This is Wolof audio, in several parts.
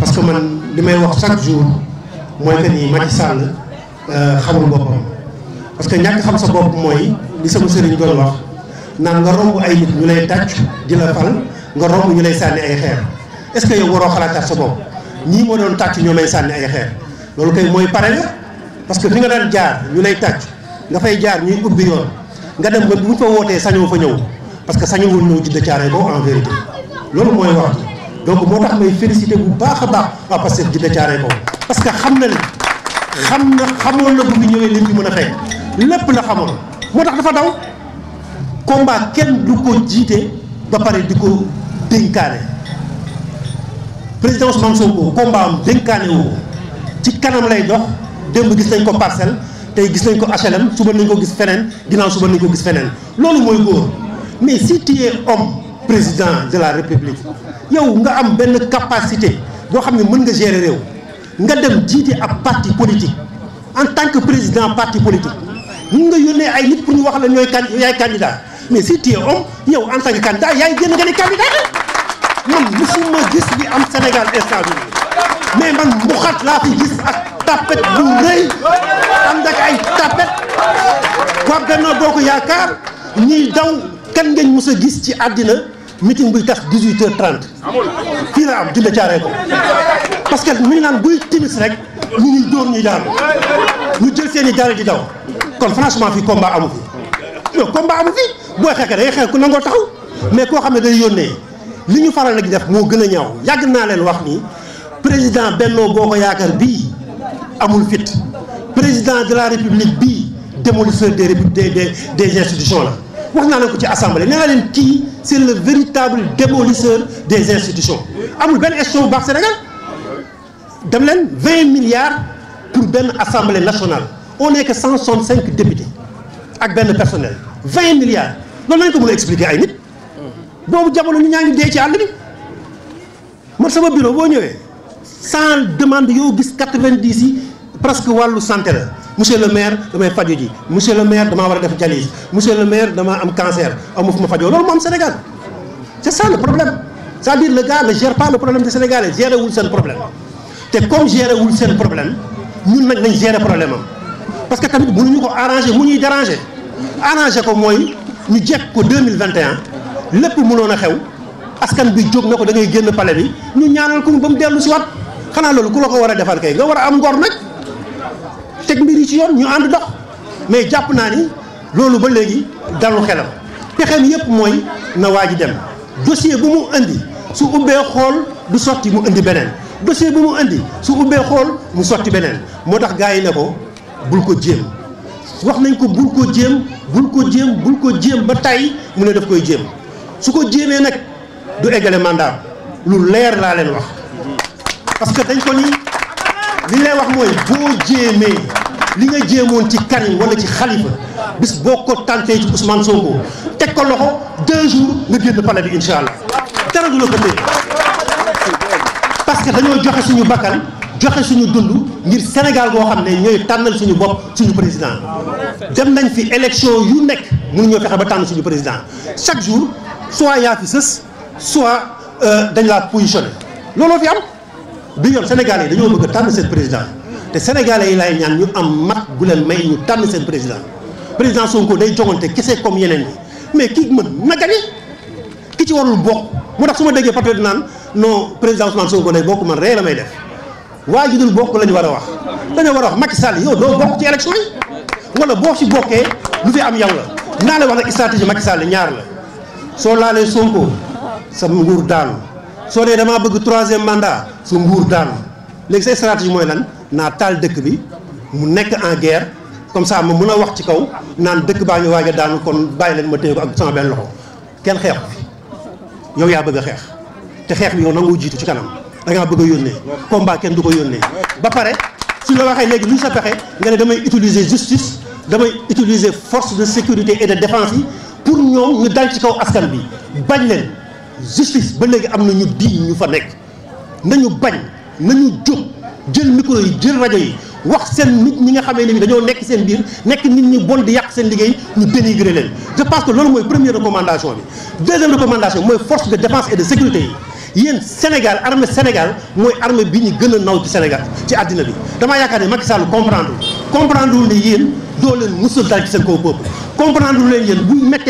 parce que man li may wax chaque jour mooy que ni Macky Sall euh, xamul boppam parce que ñàkk xam sa bopp mooy li sama sëriñ doon wax naan nga romb ay nit ñu lay tàcc di la fal nga romb ñu lay sànni ay xeer est-ce que yow waroo xalaataat sa bopp ñii moo doon tàcc ñoo lay sànni ay xeer loolu kay mooy pare nga parce que fi nga daan jaar ñu lay tàcc nga fay jaar ñuy ubbi yoon nga dem ba bu mu fa wootee sañoo fa ñëw parce que sañoo wul ñëw judd caare ko en vérité loolu mooy wax donc moo tax may félicité bu baax a baax waa Pastef Djidah Thiaroye Kaw parce que xam na leen xam na xamoon na bu mu ñëwee lim bi mën a fekk lépp la xamoon moo tax dafa daw combat kenn du ko jiite ba pare di ko dénkaane président Ousmane Sonko combat am dénkaane wu ci kanam lay dox démb gis nañ ko parcelle tey gis nañ ko HLM suba nañ ko gis feneen ginnaaw suba nañ ko gis feneen loolu mooy góor mais si tu es président de la république yow nga am benn capacité boo xam ne mën nga gérer réew nga dem jiite ab parti politique en tant que président parti politique mën nga yónnee ay nit pour ñu wax la ñooy can yaay candidat mais si tu es homme yow en tant que candidat yaay génn nga ne candidat man musuma gis bi am Sénégal instant bi mais man mbuxat laa fi gis ak tapet bu rëy ànd ak ay tapet waa Benno Bokk Yaakaar ñiy daw kan ngeen mës a gis ci àddina meeting buy tax 18h30 fii la am dina caaree ko parce que mi ngi naan buy timis rek ñu ngi dóor ñuy daanu ñu jël seen i daal di daw kon franchement fii combat amu fi non combat amu fi booy xeex day xeex ku nangoo taxaw mais koo xam ne day yónnee li ñu faral di def moo gën a ñaw yàgg naa leen wax ni président Benno Bokk Yaakaar bii amul fit président de la république bii démolisseur des des des institutions la. wax naa leen ko ci assemblée nee naa leen kii c'est le véritable démolisseur des institutions amul benn institution bu baax Sénégal dem leen 20 milliards pour benn assemblée nationale on n'est que 165 députés ak benn personnel 20 milliards loolu lañ ko mën expliquer ay nit boobu jamono nit ñaa ngi dee ci àll bi man sama bureau boo ñëwee sans demande yow gis 90 yi. presque wàllu santé la monsieur le maire damay faju ji monsieur le maire damaa war a def dialyse monsieur le maire damaa am cancer amu fu ma fajoo loolu moo am Sénégal c'est ça le problème c'est-à-dire le gars ne gère pas le problème des Sénégalais géré wul seen problème te comme géré wul seen problème ñun nag nañ géré problème am parce que tamit ñu ko arranger mu ñuy déranger arranger ko mooy ñu jekk ko 2021 lépp mënoon a xew askan bi jóg na ko da ngay génn palais bi ñu ñaanal ko ba mu dellu si waat loolu ku la ko war a defar kay nga war a am ngor nag teg mbir yi ci yoon ñu ànd dox mais jàpp naa ni loolu ba léegi dalu xelam pexeem yépp mooy na waa ji dem dossier bu mu indi su ubbee xool du sotti mu indi beneen dossier bu mu indi su ubbee xool mu sotti beneen moo tax gars yi ne ko bul ko jéem wax nañ ko bul ko jéem bul ko jéem bul ko jéem ba tàyyi mu ne def koy jéem su ko jéemee nag du eggale mandat lu leer laa leen wax parce dañ ko ni li ñu lay wax mooy boo jéemee li nga jéemoon ci Karim wala ci Khalifa bis boo ko tàntee ci Ousmane Sonko teg ko loxo deux jours nga génn palais bi incha allah dara du la ko téye parce que dañoo joxe suñu bakkan joxe suñu dund ngir Sénégal boo xam ne ñooy tànnal suñu bopp suñu président dem nañ fi élection yu nekk mu mënuñoo fexe ba tànn suñu président chaque jour soit yaa fi sës soit euh, dañ laa positionné looloo fi am. bi yoon sénégal yi dañoo bëgg tànn seen président te sénégalais yi laay ñaan ñu am mat gu leen may ñu tànn seen président président Sonko day jongante kese comme yeneen yi mais kii mën ma gagné ki ci warul bokk moo tax su ma déggee patriote naan non président Ousmane Sonko day bokk man ree la may def waa ji bokk la ñu war a wax dañoo war a wax Macky Sall yow doo bokk ci élection yi wala boo ci bokkee lu fi am yow la naa la wax nag stratégie Macky Sall ñaar la soo laalee Sonko sa nguur soo dee damaa bëgg troisième mandat su nguur daanu léegi say stratégie mooy lan naa taal dëkk bi mu nekk en guerre comme ça ma mën a wax ci kaw naan dëkk baa ngi waaj a daanu kon bàyyi leen ma téye ko ak sama benn loxo kenn xeex fi yow yaa bëgg xeex te xeex bi yow nangu jiitu ci kanam da ngaa bëgg a yónnee combat kenn du ko yónnee ba pare su la waxee léegi lu sa pexe nga ne damay utiliser justice damay utiliser force de sécurité et de défense yi pour ñoom ñu dal ci kaw askan bi bañ leen justice ba léegi am na ñu diiñ ñu fa nekk nañu bañ nañu jóg jël micro yi jël rajo yi wax seen nit ñi nga xamee ne dañoo nekk seen biir nekk nit ñi bon di yàq seen liggéey ñu dénigrer leen je pense que loolu mooy première recommandation bi deuxième recommandation mooy force de défense et de sécurité yi yéen Sénégal armée Sénégal mooy armée bi ñu gën a naw ci Sénégal ci àddina bi damaa yaakaar ne Macky Sall comprendre comprendre wul ne yéen doo leen musul dal ci seen kaw peuple comprendre leen yéen buy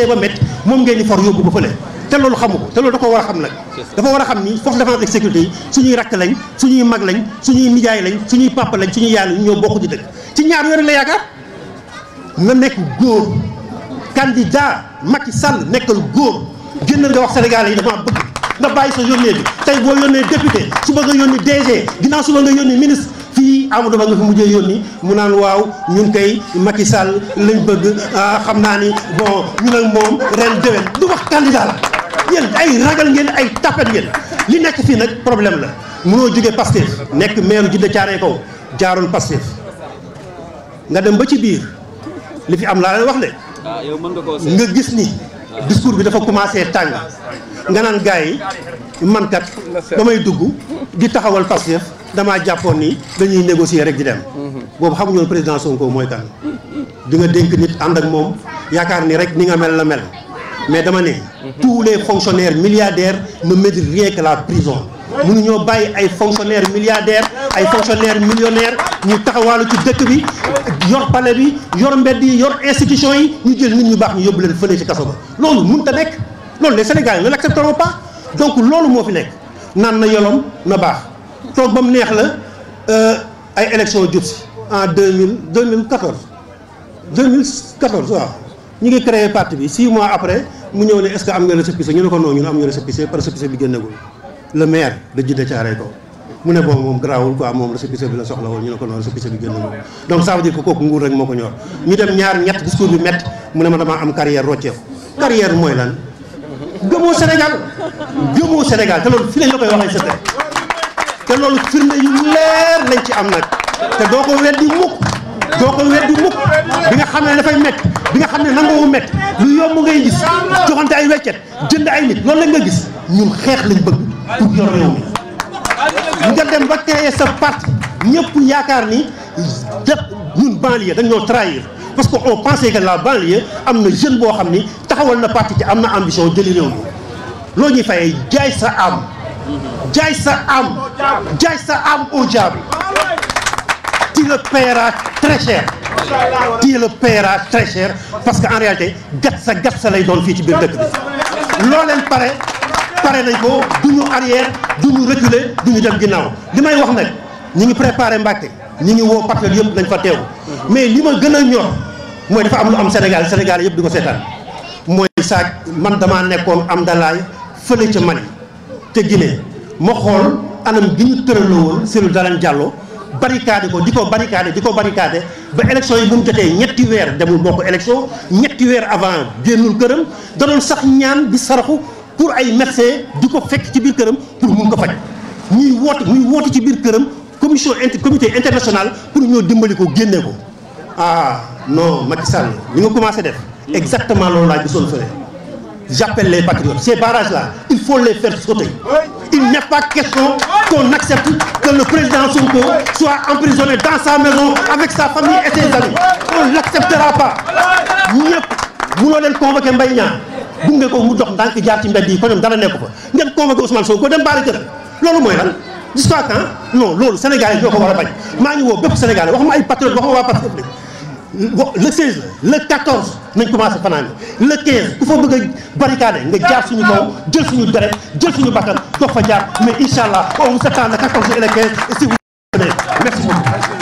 moom ngeen di for yóbbu ba fële te loolu xamu ko te loolu da ko war a xam nag dafa war a xam ni force de défense et sécurité yi suñuy rakk lañ suñuy mag lañ suñuy nijaay lañ suñuy papa lañ suñuy yaay lañ ñoo bokk di dëkk ci ñaar yooyu la yaakaar nga nekk góor candidat Macky Sall nekkal góor génnal nga wax Sénégalais yi dama bëgg nga bàyyi sa yónnee bi tey boo yónnee député suba nga yónni DG ginnaaw suba nga yónni ministre fii Amadou Ba nga fi mujjee yónni mu naan waaw ñun kay Macky Sall lañ bëgg ah, xam naa ni bon ñu nag moom ren déwén du wax candidat la yéen ay ragal ngeen ay tapet ngeen li nekk fii nag problème la mënoo jóge Pastef nekk maire Djiddah Thiaroye Kaw jaarul Pastef nga dem ba ci biir li fi am laa leen wax de ah, nga gis ni ah. discours bi dafa commencé tàng nga naan gars yi man kat ba may dugg di taxawal Pastef damaa jàppoon ni dañuy négocier rek di dem mhm. boobu xamuñu woon président Sonko mooy kan di nga dénk nit ànd ak moom yaakaar ni rek ni nga mel la mel mais dama ne tous les fonctionnaires milliardaires ne méritent rien la prison mënu ñoo bàyyi ay fonctionnaires milliardaires ay fonctionnaires millionnaires ñu taxawaalu ci dëkk bi yor pale bi yor mbedd yi yor institution yi ñu jël nit ñu baax ñu yóbbu leen fële si kaso loolu mënut a nekk loolu les Sénégalais ne l'accepteront pas donc loolu moo fi nekk naan na yolom na baax toog ba mu neex la euh, ay élections jub si en deux mille deux mille quatorze deux mille quatorze ñu ngi créé parti bi 6 mois après mu ñëw ne est ce que am ngeen récépissé ñu ne ko non ñun am ñu récépissé par récépissé bi génnagul le maire de Djiddah Thiaroye Kaw mu ne bon moom garaawul quoi moom récépissé bi la soxla woon ñu ne ko non récépissé bi génnagul donc ça veut dire kooku nguur rek moo ko ñor ñu dem ñaar ñett discours bi métti mu ne ma damaa am carrière rocceeku carrière mooy lan gëmoo Sénégal gëmoo Sénégal te loolu fi la yu leer lañ ci am doo ko weddi mukk doo bi nga xam ne nangoo mett lu yomb ngay gis joxante ay weccet jënd ay nit loolu lañ nga gis ñun xeex lañ bëgg pour yor réew mi nga dem ba créer sa parti ñëpp yaakaar ni def ñun banlieue dañ ñoo trahir parce que on pensait la banlieue am na jeune boo xam ni taxawal na parti ci am na ambition jëli réew mi loo ñuy fayee jaay sa am jaay sa am jaay sa am au diable tu le paieras très cher kii le paiera très cher parce que en réalité gat sa gat sa lay doon fii ci biir dëkk bi loo leen pare pare nañ ko du ñu arrière du ñu reculer du ñu dem ginnaaw li may wax nag ñi ngi préparé Mbàkke ñi ngi woo partenaires yëpp nañ fa teew mais li ma gën a ñor mooy dafa am lu am Sénégal Sénégal yëpp di ko seetaan mooy saak man damaa nekkoon am dalaay fële ca Mali te Guinée ma xool anam gi ñu tëraloo woon Cellou Dalein jàlloo barricade ko di ko barricade di ko barricade ba élection yi bu mu jotee ñetti weer demul bokk élection ñetti weer avant génnul këram danoon sax ñaan di saraxu pour ay médecin di ko fekk ci biir këram pour mun ko faj ñuy woote muy woote ci biir këram commission inter comité international pour ñoo dimbali ko génne ko ah non Macky Sall li nga commencé def exactement loolu laa gisoon fële j'appelle les patriotes ces barrages là il faut les faire sauter il n'est kon accepte que le président Sonko soit emprisonné dans sa maison avec sa famille et se amis on ne l'acceptera pas ñëpp munoo leen convoqué Mbaye Niang gunge ko dox ndànk jaar ci mbedd yi ko ñoom dara nekk ko fa ngeen convoqué Ousmane dem baale kër loolu mooy lan jusqu'à quand non loolu Sénégal yi ñoo ko war a bañ maa ngi woo bépp Sénégalais waxuma ay patriotes waxuma waa Pastef le 16 la le 14 nañ commencé fanaan le 15 ku fa bëgg a barricade nga jaar suñu kaw jël su ñu deret jël ñu bakkan dox fa jaar mais incha allah au septembre le 14 et le 15 si vous merci beaucoup.